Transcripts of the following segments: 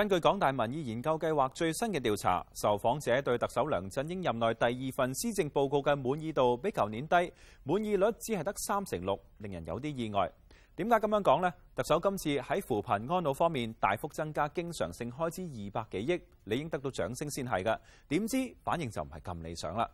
根據港大民意研究計劃最新嘅調查，受訪者對特首梁振英任內第二份施政報告嘅滿意度比舊年低，滿意率只係得三成六，令人有啲意外。點解咁樣講呢？特首今次喺扶貧安老方面大幅增加經常性開支二百幾億，理應得到掌聲先係噶，點知反應就唔係咁理想啦。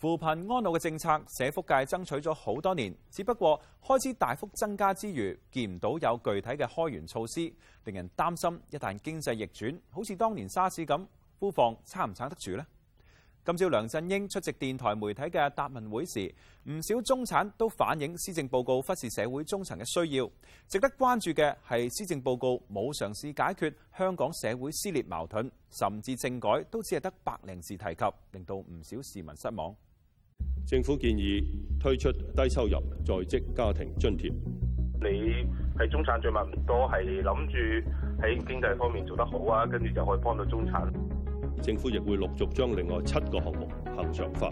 扶貧安老嘅政策，社福界爭取咗好多年，只不過開支大幅增加之餘，見唔到有具體嘅開源措施，令人擔心。一旦經濟逆轉，好似當年沙士咁，庫房撐唔撐得住咧？今朝梁振英出席電台媒體嘅答問會時，唔少中產都反映施政報告忽視社會中層嘅需要，值得關注嘅係施政報告冇嘗試解決香港社會撕裂矛盾，甚至政改都只係得百零字提及，令到唔少市民失望。政府建議推出低收入在職家庭津貼。你係中產著墨唔多，係諗住喺經濟方面做得好啊，跟住就可以幫到中產。政府亦會陸續將另外七個項目恆常化。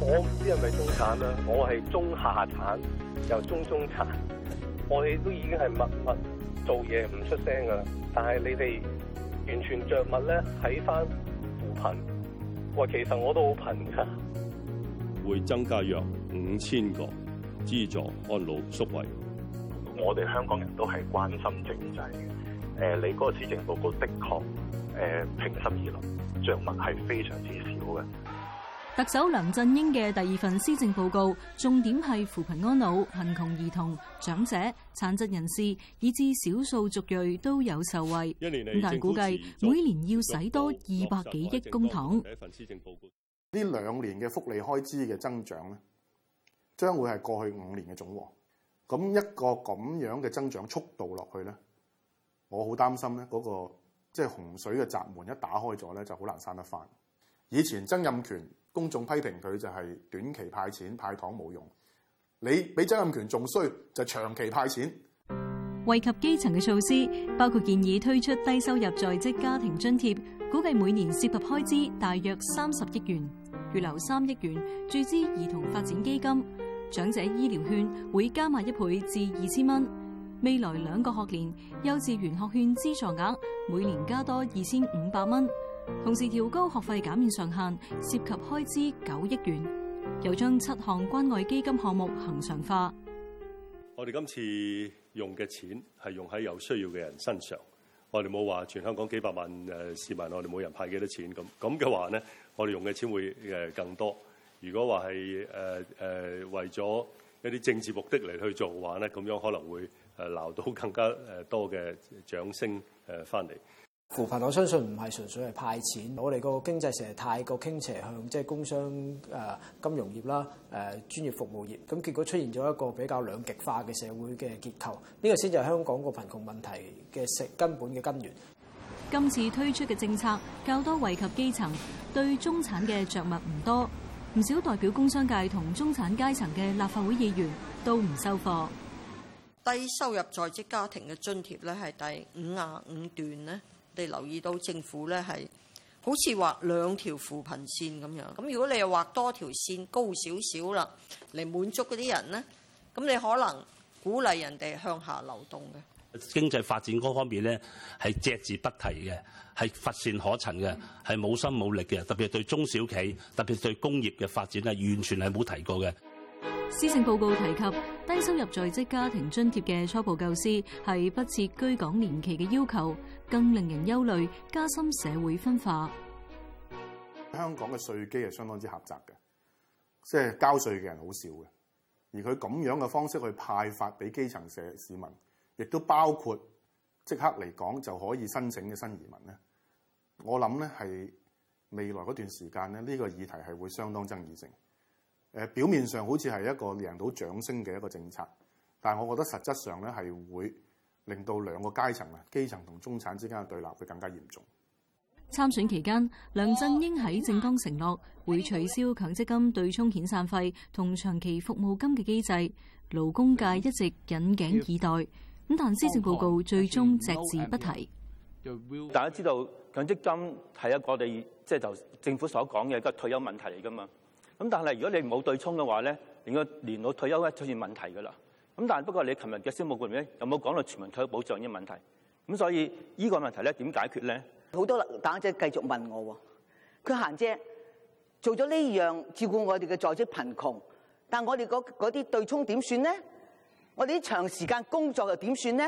我唔知係咪中產啦，我係中下產，又中中產。我哋都已經係默默做嘢唔出聲噶啦，但係你哋完全著墨咧，睇返扶貧。喂，其實我都好貧㗎。會增加約五千個資助安老宿位。我哋香港人都係關心政制嘅。誒，你嗰個施政報告的確，誒，平心而論，著墨係非常之少嘅。特首梁振英嘅第二份施政報告，重點係扶貧安老、貧窮兒童、長者、殘疾人士，以至少數族裔都有受惠。一年但估計每年要使多二百幾億公帑。呢兩年嘅福利開支嘅增長咧，將會係過去五年嘅總和。咁一個咁樣嘅增長速度落去咧，我好擔心咧，嗰個即係洪水嘅閘門一打開咗咧，就好難閂得翻。以前曾蔭權公眾批評佢就係短期派錢派糖冇用，你比曾蔭權仲衰，就長期派錢。惠及基層嘅措施，包括建議推出低收入在職家庭津貼，估計每年涉及開支大約三十億元。預留三億元注資兒童發展基金，長者醫療券會加碼一倍至二千蚊，未來兩個學年幼稚園學券資助額每年加多二千五百蚊，同時調高學費減免上限，涉及開支九億元，又將七項關愛基金項目恒常化。我哋今次用嘅錢係用喺有需要嘅人身上。我哋冇話全香港幾百萬誒市民，我哋每人派幾多錢咁，咁嘅話咧，我哋用嘅錢會誒更多。如果話係誒誒為咗一啲政治目的嚟去做嘅話咧，咁樣可能會誒鬧到更加誒多嘅掌聲誒返嚟。呃扶貧我相信唔係純粹係派錢，我哋個經濟成日太過傾斜向即係工商誒、呃、金融業啦，誒、呃、專業服務業，咁結果出現咗一個比較兩極化嘅社會嘅結構，呢、這個先至係香港個貧窮問題嘅食根本嘅根源。今次推出嘅政策較多惠及基層，對中產嘅着物唔多，唔少代表工商界同中產階層嘅立法會議員都唔收貨。低收入在職家庭嘅津貼咧係第五啊五段咧。你留意到政府咧係好似畫兩條扶貧線咁樣。咁如果你又畫多條線高少少啦，嚟滿足嗰啲人咧，咁你可能鼓勵人哋向下流動嘅。經濟發展嗰方面咧係只字不提嘅，係乏善可陳嘅，係冇心冇力嘅，特別係對中小企，特別對工業嘅發展係完全係冇提過嘅。施政報告提及低收入在職家庭津貼嘅初步構思係不設居港年期嘅要求，更令人憂慮加深社會分化。香港嘅稅基係相當之狹窄嘅，即係交稅嘅人好少嘅，而佢咁樣嘅方式去派發俾基層社市民，亦都包括即刻嚟講就可以申請嘅新移民咧。我諗咧係未來嗰段時間咧，呢個議題係會相當爭議性。誒表面上好似係一個贏到掌聲嘅一個政策，但係我覺得實質上咧係會令到兩個階層啊，基層同中產之間嘅對立會更加嚴重。參選期間，梁振英喺政綱承諾會取消強積金對沖遣散費同長期服務金嘅機制，勞工界一直引頸以待。咁但施政報告最終只字不提。大家知道強積金係一個我哋即係就政府所講嘅一個退休問題嚟㗎嘛？咁但係如果你冇對沖嘅話咧，連個年老退休咧出現問題噶啦。咁但係不過你琴日嘅消務局咧，有冇講到全民退休保障呢個問題？咁所以呢個問題咧點解決咧？好多老黨姐繼續問我喎，佢閒姐做咗呢樣照顧我哋嘅在職貧窮，但我哋嗰啲對沖點算咧？我哋啲長時間工作又點算咧？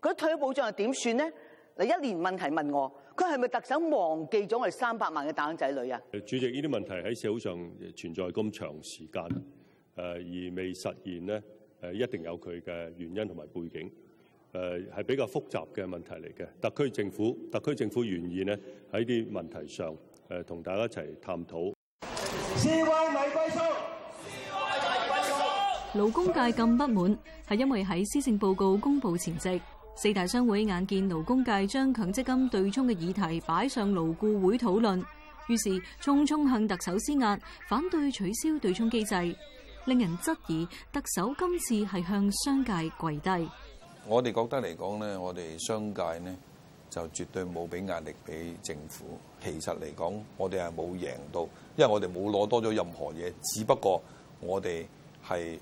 嗰啲退休保障又點算咧？你一年問題問我。佢係咪特首忘記咗我哋三百萬嘅打工仔女啊？主席，呢啲問題喺社會上存在咁長時間，誒而未實現咧，誒一定有佢嘅原因同埋背景，誒係比較複雜嘅問題嚟嘅。特區政府，特區政府願意咧喺啲問題上誒同大家一齊探討。CY 咪貴數，CY 咪貴數。勞工界咁不滿，係因為喺施政報告公布前夕。四大商會眼見勞工界將強積金對沖嘅議題擺上勞顧會討論，於是匆匆向特首施壓，反對取消對沖機制，令人質疑特首今次係向商界跪低。我哋覺得嚟講呢，我哋商界呢就絕對冇俾壓力俾政府。其實嚟講，我哋係冇贏到，因為我哋冇攞多咗任何嘢，只不過我哋係。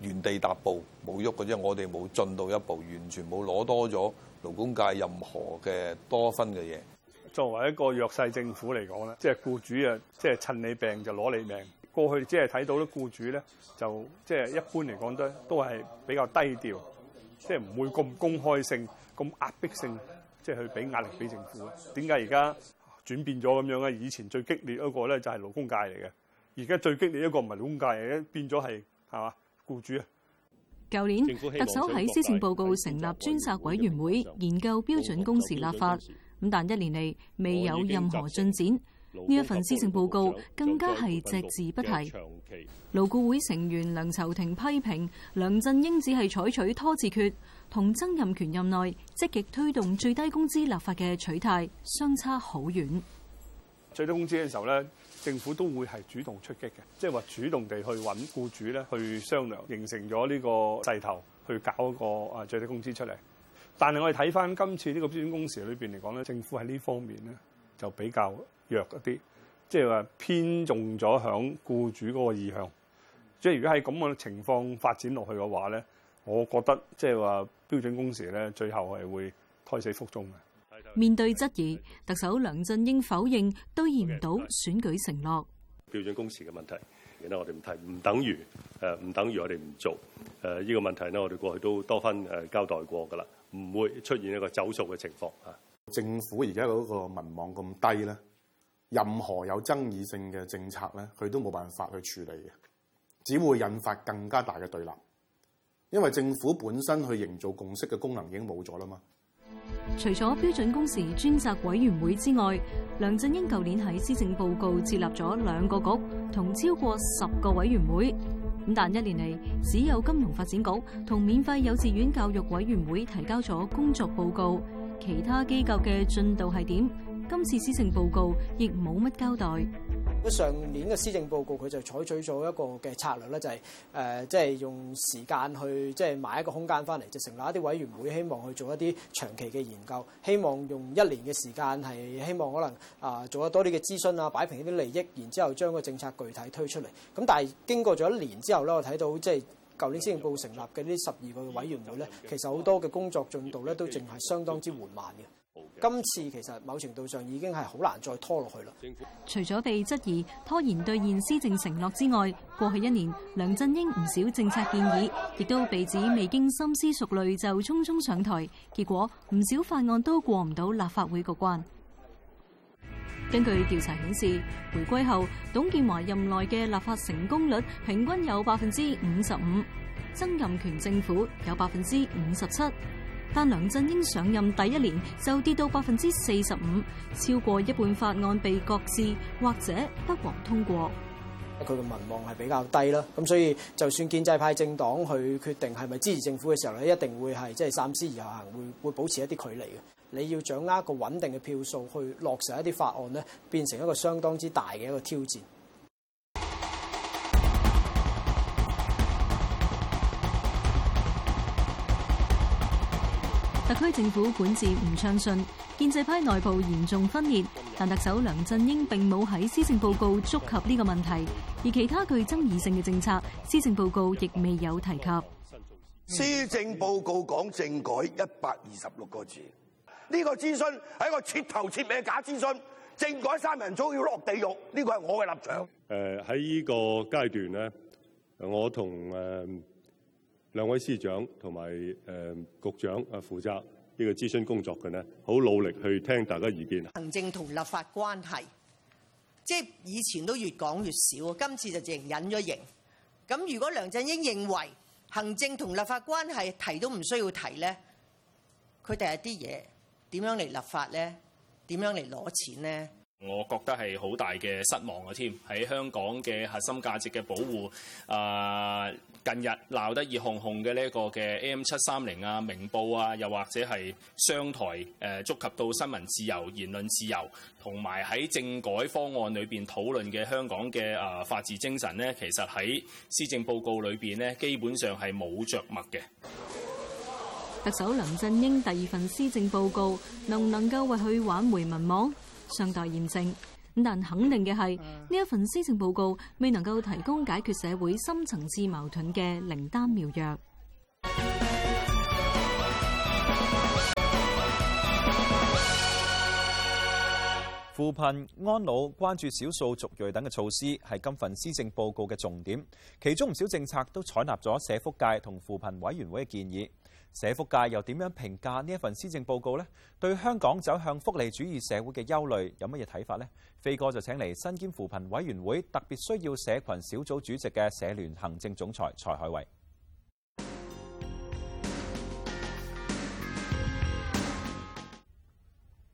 原地踏步冇喐嘅啫，我哋冇進到一步，完全冇攞多咗勞工界任何嘅多分嘅嘢。作為一個弱勢政府嚟講咧，即係僱主啊，即係趁你病就攞你命。過去即係睇到啲僱主咧就即係、就是、一般嚟講都都係比較低調，即係唔會咁公開性、咁壓迫性，即係去俾壓力俾政府。點解而家轉變咗咁樣咧？以前最激烈嗰個咧就係勞工界嚟嘅，而家最激烈嘅一個唔係勞工界嚟嘅，變咗係係嘛？僱主啊！舊年特首喺施政報告成立專責委員會，員會研究標準工時立法，咁但一年嚟未有任何進展。呢一份施政報告更加係隻字不提。勞顧會成員梁籌庭批評梁振英只係採取拖字訣，同曾蔭權任內積極推動最低工資立法嘅取態相差好遠。最低工資嘅時候咧。政府都會係主動出擊嘅，即係話主動地去揾僱主咧去商量，形成咗呢個勢頭去搞一個啊最低工資出嚟。但係我哋睇翻今次呢個標準工時裏邊嚟講咧，政府喺呢方面咧就比較弱一啲，即係話偏重咗響僱主嗰個意向。即係如果係咁嘅情況發展落去嘅話咧，我覺得即係話標準工時咧最後係會胎死腹中嘅。面對質疑，特首梁振英否認兌現唔到選舉承諾標準工時嘅問題，我哋唔提，唔等於誒，唔等於我哋唔做誒。呢、呢個問題呢，我哋過去都多番誒交代過噶啦，唔會出現一個走數嘅情況啊。政府而家嗰個民望咁低咧，任何有爭議性嘅政策咧，佢都冇辦法去處理嘅，只會引發更加大嘅對立，因為政府本身去營造共識嘅功能已經冇咗啦嘛。除咗標準工時專責委員會之外，梁振英舊年喺施政報告設立咗兩個局同超過十個委員會。咁但一年嚟只有金融發展局同免費幼稚園教育委員會提交咗工作報告，其他機構嘅進度係點？今次施政報告亦冇乜交代。上年嘅施政報告佢就採取咗一個嘅策略咧，就係、係、誒，即、呃、係、就係、用時間去即係、就係、買一個空間翻嚟，就成立一啲委員會，希望去做一啲長期嘅研究，希望用一年嘅時間係希望可能啊、呃、做得多啲嘅諮詢啊，擺平一啲利益，然之後將個政策具體推出嚟。咁但係經過咗一年之後咧，我睇到即係舊年施政報告成立嘅呢十二個委員會咧，其實好多嘅工作進度咧都淨係相當之緩慢嘅。今次其實某程度上已經係好難再拖落去啦。除咗被質疑拖延兌現施政承諾之外，過去一年梁振英唔少政策建議，亦都被指未經深思熟慮就匆匆上台，結果唔少法案都過唔到立法會個關。根據調查顯示，回歸後董建華任內嘅立法成功率平均有百分之五十五，曾蔭權政府有百分之五十七。但梁振英上任第一年就跌到百分之四十五，超過一半法案被擱置或者不獲通過。佢嘅民望係比較低啦，咁所以就算建制派政黨去決定係咪支持政府嘅時候咧，一定會係即係三思而後行，會會保持一啲距離嘅。你要掌握一個穩定嘅票數去落實一啲法案咧，變成一個相當之大嘅一個挑戰。特區政府管治唔暢順，建制派內部嚴重分裂，但特首梁振英並冇喺施政報告觸及呢個問題，而其他具爭議性嘅政策，施政報告亦未有提及。施政報告講政改一百二十六個字，呢、呢個諮詢係一個徹頭徹尾嘅假諮詢，政改三人組要落地獄，呢個係我嘅立場。誒喺呢個階段咧，我同兩位司長同埋誒局長啊，負責呢個諮詢工作嘅呢，好努力去聽大家意見。行政同立法關係，即係以前都越講越少，今次就直情隱咗形。咁如果梁振英認為行政同立法關係提都唔需要提呢，佢第日啲嘢點樣嚟立法呢？點樣嚟攞錢呢？我覺得係好大嘅失望啊！添喺香港嘅核心價值嘅保護啊！呃近日鬧得熱烘烘嘅呢個嘅 AM 七三零啊、明報啊，又或者係商台誒、啊，觸及到新聞自由、言論自由，同埋喺政改方案裏邊討論嘅香港嘅啊法治精神呢，其實喺施政報告裏邊呢，基本上係冇着墨嘅。特首梁振英第二份施政報告能唔能夠為佢挽回民望？尚待驗證。但肯定嘅係，呢一份施政報告未能夠提供解決社會深層次矛盾嘅靈丹妙藥。扶貧、安老、關注少數族裔等嘅措施，係今份施政報告嘅重點，其中唔少政策都採納咗社福界同扶貧委員會嘅建議。社福界又點樣評價呢一份施政報告咧？對香港走向福利主義社會嘅憂慮有乜嘢睇法呢？飛哥就請嚟身兼扶貧委員會特別需要社群小組主席嘅社聯行政總裁蔡海偉。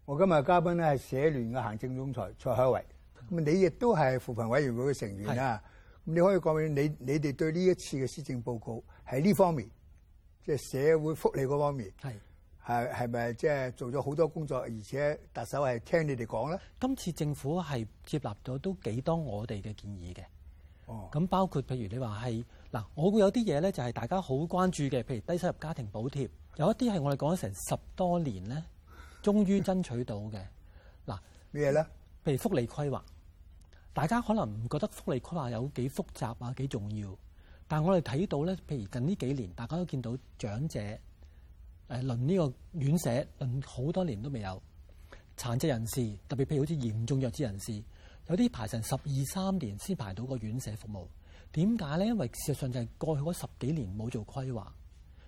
我今日嘉賓咧係社聯嘅行政總裁蔡海偉，咁你亦都係扶貧委員會嘅成員啊，咁你可以講下你你哋對呢一次嘅施政報告喺呢方面。即係社會福利嗰方面，係係係咪即係做咗好多工作，而且特首係聽你哋講咧？今次政府係接納咗都幾多我哋嘅建議嘅，哦，咁包括譬如你話係嗱，我會有啲嘢咧，就係大家好關注嘅，譬如低收入家庭補貼，有一啲係我哋講咗成十多年咧，終於爭取到嘅。嗱， 咩嘢咧？譬如福利規劃，大家可能唔覺得福利規劃有幾複雜啊，幾重要。但係我哋睇到咧，譬如近呢幾年，大家都見到長者誒輪呢個院舍輪好多年都未有。殘疾人士，特別譬如好似嚴重弱智人士，有啲排成十二三年先排到個院舍服務。點解咧？因為事實上就係過去嗰十幾年冇做規劃。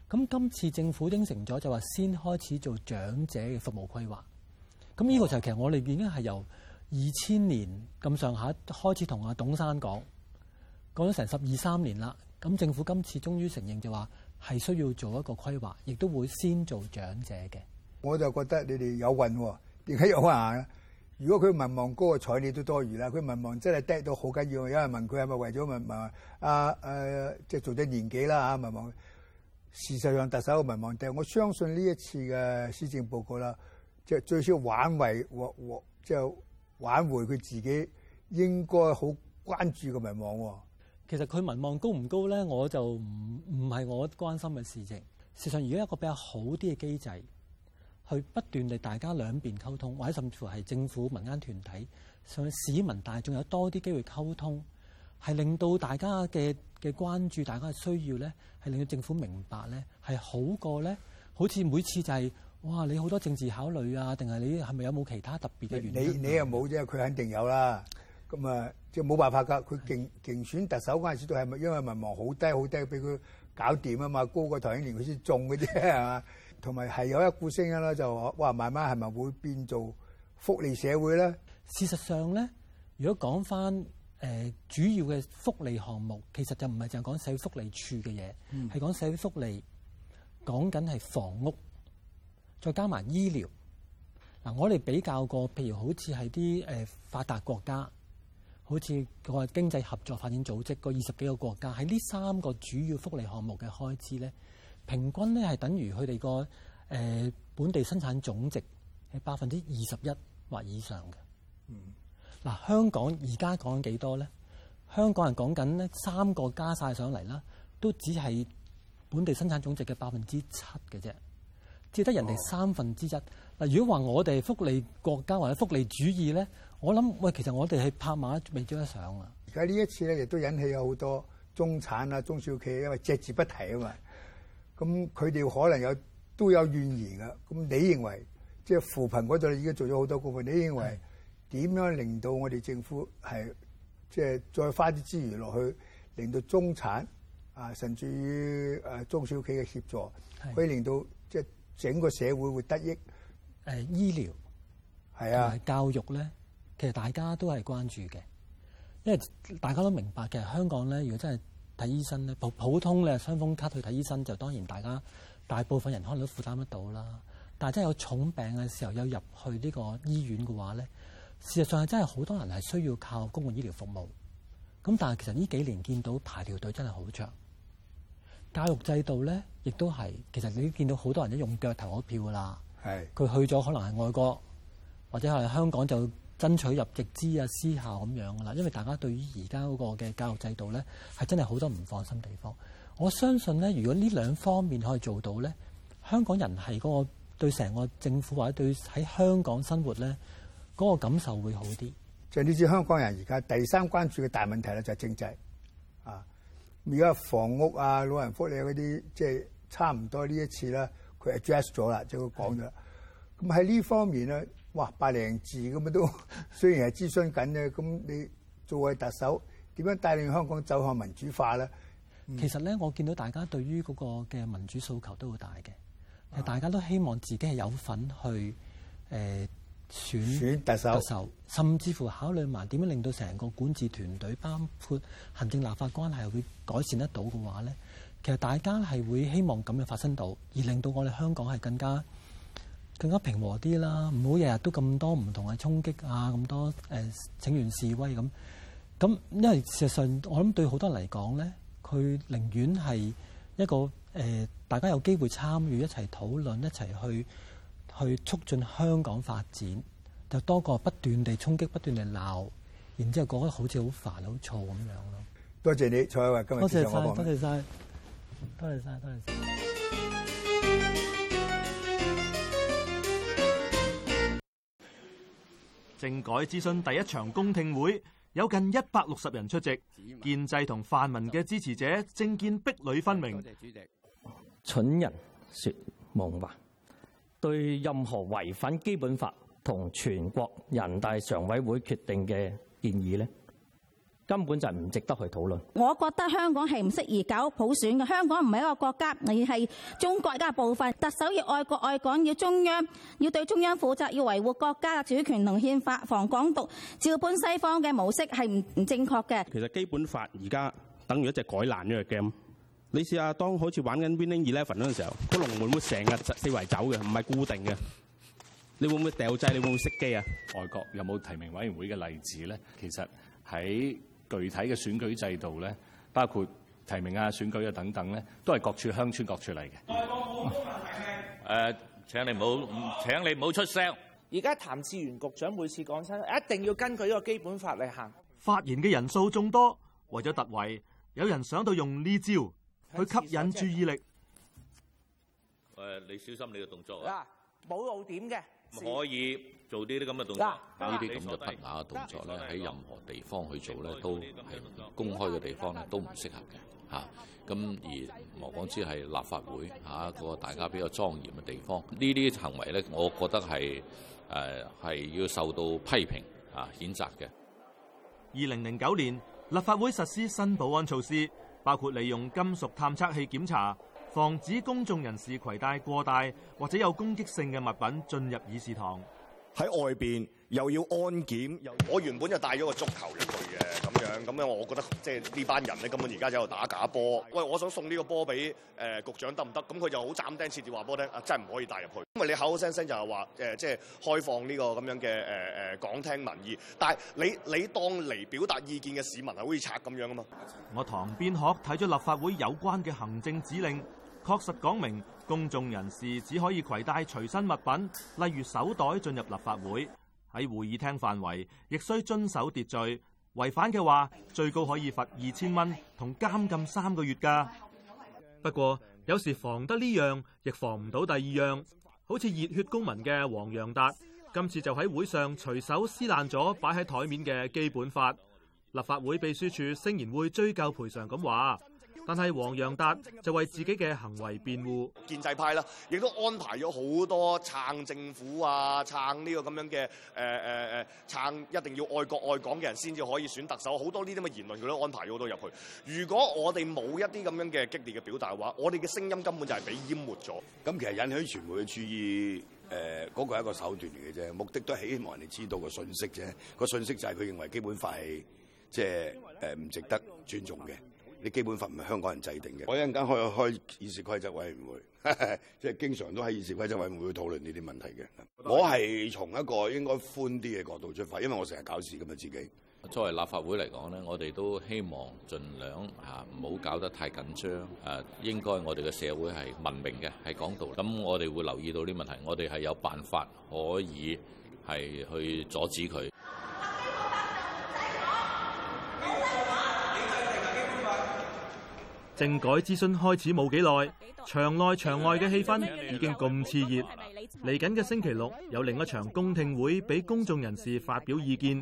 咁今次政府應承咗，就話先開始做長者嘅服務規劃。咁呢個就係其實我哋已經係由二千年咁上下開始同阿董生講，講咗成十二三年啦。咁政府今次終於承認就話係需要做一個規劃，亦都會先做長者嘅。我就覺得你哋有運喎，點解有可能。如果佢民望高嘅彩，你都多餘啦。佢民望真係跌到好緊要。有人問佢係咪為咗民望？啊誒，即、呃、係做咗年紀啦，民、啊、望事實上特首嘅民望跌。我相信呢一次嘅施政報告啦，即係最少挽回，即係挽回佢自己應該好關注嘅民望。其實佢民望高唔高咧，我就唔唔係我關心嘅事情。事實上如果一個比較好啲嘅機制，去不斷地大家兩邊溝通，或者甚至乎係政府民間團體上市民大眾有多啲機會溝通，係令到大家嘅嘅關注、大家嘅需要咧，係令到政府明白咧，係好過咧。好似每次就係、是、哇，你好多政治考慮啊，定係你係咪有冇其他特別嘅原因？你你又冇啫，佢肯定有啦。咁啊～就冇辦法㗎，佢競競選特首嗰陣時，都係咪因為民望好低好低，俾佢搞掂啊嘛？高過唐英年佢先中嘅啫，係嘛？同埋係有一股聲音啦，就話，哇，慢慢係咪會變做福利社會咧？事實上咧，如果講翻誒主要嘅福利項目，其實就唔係淨係講社會福利處嘅嘢，係、嗯、講社會福利，講緊係房屋，再加埋醫療嗱、呃。我哋比較過，譬如好似係啲誒發達國家。好似個經濟合作發展組織個二十幾個國家喺呢三個主要福利項目嘅開支咧，平均咧係等於佢哋個誒本地生產總值係百分之二十一或以上嘅。嗯，嗱、啊、香港而家講緊幾多咧？香港人講緊咧三個加晒上嚟啦，都只係本地生產總值嘅百分之七嘅啫，只得人哋三分之一。嗱，如果話我哋福利國家或者福利主義咧，我諗喂，其實我哋係拍馬未追得上啊。而家呢一次咧，亦都引起咗好多中產啊、中小企，因為隻字不提啊嘛。咁佢哋可能有都有怨言啊。咁你認為即係、就是、扶貧嗰度已經做咗好多功課，你認為點樣令到我哋政府係即係再花啲資源落去，令到中產啊，甚至於誒中小企嘅協助，可以令到即係、就是、整個社會會得益。誒醫療係啊，教育咧，其實大家都係關注嘅，因為大家都明白嘅。香港咧，如果真係睇醫生咧，普普通嘅傷風卡去睇醫生，就當然大家大部分人可能都負擔得到啦。但係真係有重病嘅時候，有入去呢個醫院嘅話咧，事實上係真係好多人係需要靠公共醫療服務。咁但係其實呢幾年見到排條隊真係好長，教育制度咧亦都係，其實你見到好多人都用腳投咗票啦。佢去咗可能係外國，或者係香港就爭取入直資啊、私校咁樣噶啦。因為大家對於而家嗰個嘅教育制度咧，係真係好多唔放心地方。我相信咧，如果呢兩方面可以做到咧，香港人係嗰個對成個政府或者對喺香港生活咧嗰個感受會好啲。就呢次香港人而家第三關注嘅大問題咧，就係政制啊。而家房屋啊、老人福利嗰啲，即係差唔多呢一次啦。address 咗啦，就佢講咗。咁喺呢方面咧，哇，百零字咁啊都，雖然係諮詢緊咧，咁你作為特首點樣帶領香港走向民主化咧？嗯、其實咧，我見到大家對於嗰個嘅民主訴求都好大嘅，大家都希望自己係有份去誒、呃、選選特首，特首，甚至乎考慮埋點樣令到成個管治團隊，包括行政立法關係，會改善得到嘅話咧。其實大家係會希望咁樣發生到，而令到我哋香港係更加更加平和啲啦，唔好日日都咁多唔同嘅衝擊啊，咁多誒請願示威咁。咁因為事實上，我諗對好多人嚟講咧，佢寧願係一個誒，大家有機會參與一齊討論，一齊去去促進香港發展，就多過不斷地衝擊、不斷地鬧，然之後覺得好似好煩、好燥咁樣咯。多謝你，蔡海偉，今日多謝晒。多謝曬。多謝晒，多謝晒。政改諮詢第一場公聽會有近一百六十人出席，建制同泛民嘅支持者政見壁壘分明。主席，蠢人說夢話，對任何違反基本法同全國人大常委會決定嘅建議呢，根本就係唔值得去討論。我覺得香港係唔適宜搞普選嘅。香港唔係一個國家，而係中國嘅一部分。特首要愛國愛港，要中央，要對中央負責，要維護國家嘅主權同憲法，防港獨。照搬西方嘅模式係唔唔正確嘅。其實基本法而家等於一隻改爛嗰個 game。你試下當好似玩緊 Winning Eleven 嗰陣時候，個龍門會唔會成日四圍走嘅？唔係固定嘅。你會唔會掉掣？你會唔會熄機啊？外國有冇提名委員會嘅例子咧？其實喺具體嘅選舉制度咧，包括提名啊、選舉啊等等咧，都係各處鄉村各處嚟嘅。誒，請你唔好，請你唔好出聲。而家譚志源局長每次講親，一定要根據呢個基本法嚟行。發言嘅人數眾多，為咗突圍，有人想到用呢招去吸引注意力。誒、呃，你小心你嘅動作啊！冇露點嘅。可以。做啲啲咁嘅動作，呢啲咁嘅不雅嘅動作咧，喺任何地方去做咧，都係公開嘅地方咧，都唔適合嘅嚇。咁、啊、而莫講之係立法會一個、啊、大家比較莊嚴嘅地方，呢啲行為咧，我覺得係誒係要受到批評啊，譴責嘅。二零零九年立法會實施新保安措施，包括利用金屬探測器檢查，防止公眾人士攜帶過大或者有攻擊性嘅物品進入議事堂。喺外邊又要安檢又要，我原本就帶咗個足球入去嘅咁樣，咁樣我覺得即係呢班人咧根本而家喺度打假波，喂，我想送呢個波俾誒局長得唔得？咁佢就好斬釘截鐵話波咧啊，真係唔可以帶入去，因為你口口聲聲就係話誒即係開放呢個咁樣嘅誒誒講聽民意，但係你你當嚟表達意見嘅市民係好似賊咁樣啊嘛！我堂邊鶴睇咗立法會有關嘅行政指令，確實講明。公眾人士只可以攜帶隨身物品，例如手袋進入立法會。喺會議廳範圍，亦需遵守秩序。違反嘅話，最高可以罰二千蚊同監禁三個月噶。不過有時防得呢樣，亦防唔到第二樣。好似熱血公民嘅黃洋達，今次就喺會上隨手撕爛咗擺喺台面嘅基本法。立法會秘書處聲言會追究賠償，咁話。但係黃洋達就為自己嘅行為辯護，建制派啦，亦都安排咗好多撐政府啊，撐呢個咁樣嘅誒誒誒，撐、呃、一定要愛國愛港嘅人先至可以選特首，好多呢啲咁嘅言論佢都安排咗好多入去。如果我哋冇一啲咁樣嘅激烈嘅表達嘅話，我哋嘅聲音根本就係被淹沒咗。咁其實引起傳媒嘅注意，誒、呃，嗰、那個係一個手段嚟嘅啫，目的都係希望人哋知道的信、那個訊息啫。個訊息就係佢認為基本法係即係誒唔值得尊重嘅。基本法唔係香港人制定嘅，我一陣間可以開議事規則委員會，即係經常都喺議事規則委員會討論呢啲問題嘅。我係從一個應該寬啲嘅角度出發，因為我成日搞事咁啊自己。作為立法會嚟講咧，我哋都希望盡量嚇唔好搞得太緊張啊，應該我哋嘅社會係文明嘅，係講道理。咁我哋會留意到啲問題，我哋係有辦法可以係去阻止佢。政改諮詢開始冇幾耐，場內場外嘅氣氛已經咁熾熱。嚟緊嘅星期六有另一場公聽會，俾公眾人士發表意見，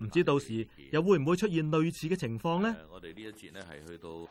唔知到時又會唔會出現類似嘅情況呢？我哋呢一節呢係去到。